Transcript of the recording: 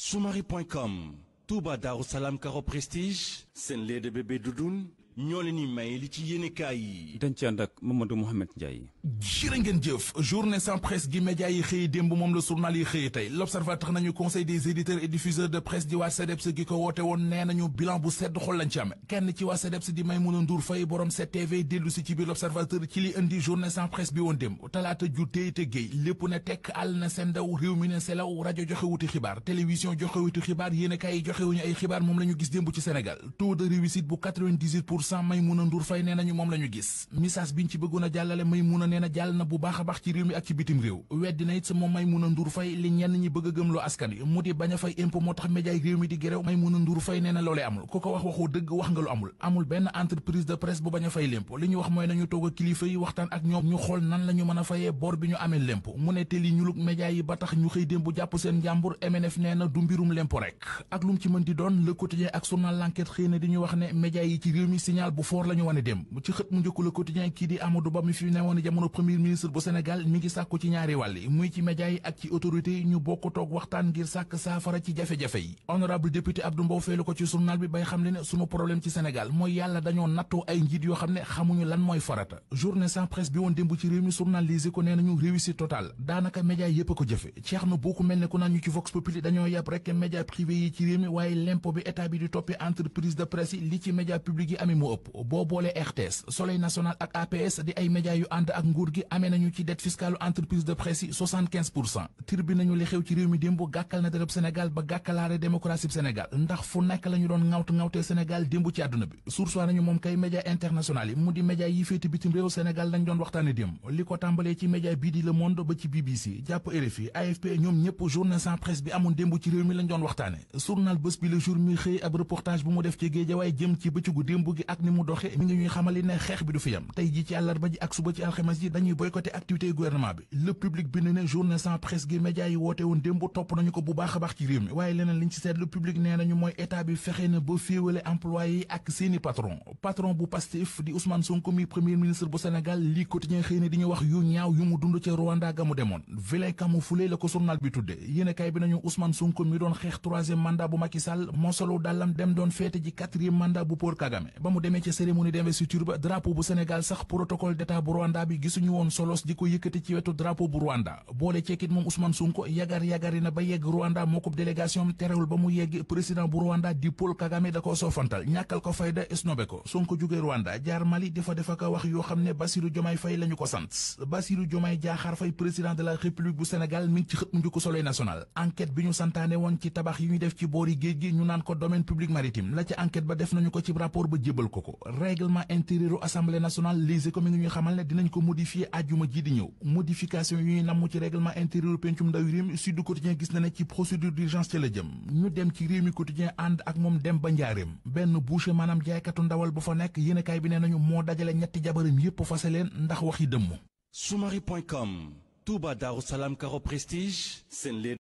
Soumari.com, Touba Darussalam Karo Prestige de bébé doudoun ñoo leen di may li ci yéenekaay yi. dañ ci ànd ak Mamadou Mouhamed Ndiaye. jërë ngeen jëf la journal joxe wuti xibaar télévision joxe wuti xibaar yéenekaay yi joxe wuñu ay xibaar moom la gis démb ci Sénégal taux de réussite bu 100 Maimouna Ndour Faye nee nañu moom la gis message biñ ci bëggoon a jàllale Maimouna nee na jàll na bu baax baax ci réew mi ak ci bitim réew weddi na it sa moom Maimouna Ndour Faye li ñenn ñi bëgg a gëmloo askan mu di bañ a fay impôt moo tax média réew mi di géréw Maimouna Ndour Faye nee na loolee amul ku ko wax waxoo dëgg wax nga lu amul amul benn entreprise de presse bu bañ a fay l'impôt li ñu wax mooy nañu toog a kilifa yi waxtaan ak ñoom ñu xool signal bu fort lañu wone wane dem ci xët mu njëkk Le Quotidien ki di Amadou Ba mi fi newoon jamono premier ministre bu Sénégal mi ngi sakku ci ñaari walli muy ci média yi ak ci autorité ñu bokk tok waxtaan ngir sak saafara ci jafé jafé yi honorable député Abdou Mbow feelu ko ci journal bi bay xam le ne sunu problème ci Sénégal moy yalla dañoo natto ay njit yo xam xamuñu lan moy farata journée sans presse bi woon démb ci réew mi journal Les Échos nee réussite totale danaka média yépp ko jafé ceex na boo ko mel ne ku ci Vox Populi dañoo yàpp rek média privé yi ci réew mi waye l'impôt bi état bi di topé entreprise de presse li ci média public yi amee mu ëpp boo boolee RTS Soleil national ak APS di ay médias yu ànd ak nguur gi amee nañu ci dette fiscale entreprise de presse yi 75 pour nañu li xew ci réew mi démb gàkkal na dereb Sénégal ba gàkkalaare démocratie bu ndax fu nekk la doon ŋawt ŋawtee Sénégal démb ci àdduna bi source nañu moom kay média international yi mu di média yi féete bitim réew Sénégal lañ doon waxtaane démb li ko tàmbalee ci média bii di Le Monde ba ci bi ak ni mu doxe mi ngi ñuy xamali ne xeex bi du fi yam tey ji ci àllarba ji ak suba ci alxames ji dañuy boycotté activité gouvernement bi le public bind ne journée sans presse gi média woote woon démb topp nañu ko bu baax a baax ci réew mi waaye leneen liñ ci seet le public nee nañu mooy état bi fexe na ba féewale employé yi ak seeni patron patron bu Pastef di Ousmane Sonko mi premier ministre bu Sénégal lii quotidien xëy na di ñu wax yu ñaaw yu mu mu demee ca cérémonie d'investiture ba drapeau bu Sénégal sax protocole d'état bu Rwanda bi gisuñu woon solos di ko yëkkati ci wetu drapeau bu Rwanda boole ceekit moom Ousmane Sonko yagar yagari na ba yegg Rwanda moo ko délégation terewul ba mu yegg président bu Rwanda di Paul Kagame da ko soofantal ñàkkal ko fayda snobé ko Sonko jóge Rwanda jaar Mali dafa defa ko wax yoo xam ne Bassirou Diomaye Faye lañu ko sant Bassirou Diomaye Diakhar Faye président de la République bu Sénégal mi ngi ci xët mu bi ñu santaane woon ci tabax yi ñu def ci boori géej ñu naan ko domaine public maritime ba def nañu ko ci rapport ba jébal ko règlement intérieur assemblée nationale les ko ñu xamal né dinañ ko modifier ajjuma ji di ñëw modification yi ñuy namm ci règlement intérieur pencum ndawi réew mi Sud Quotidien gis na ne ci procédure d'urgence ci la jëm ñu dem ci réew Quotidien and ak mom dem ba njaareem benn boucher jaay jaaykatu ndawal bu fa yene kay bi né nañu mo dajalé ñetti jabaram yépp fase leen ndax waxi dem sumari.com Touba darussalam Caro Prestige seen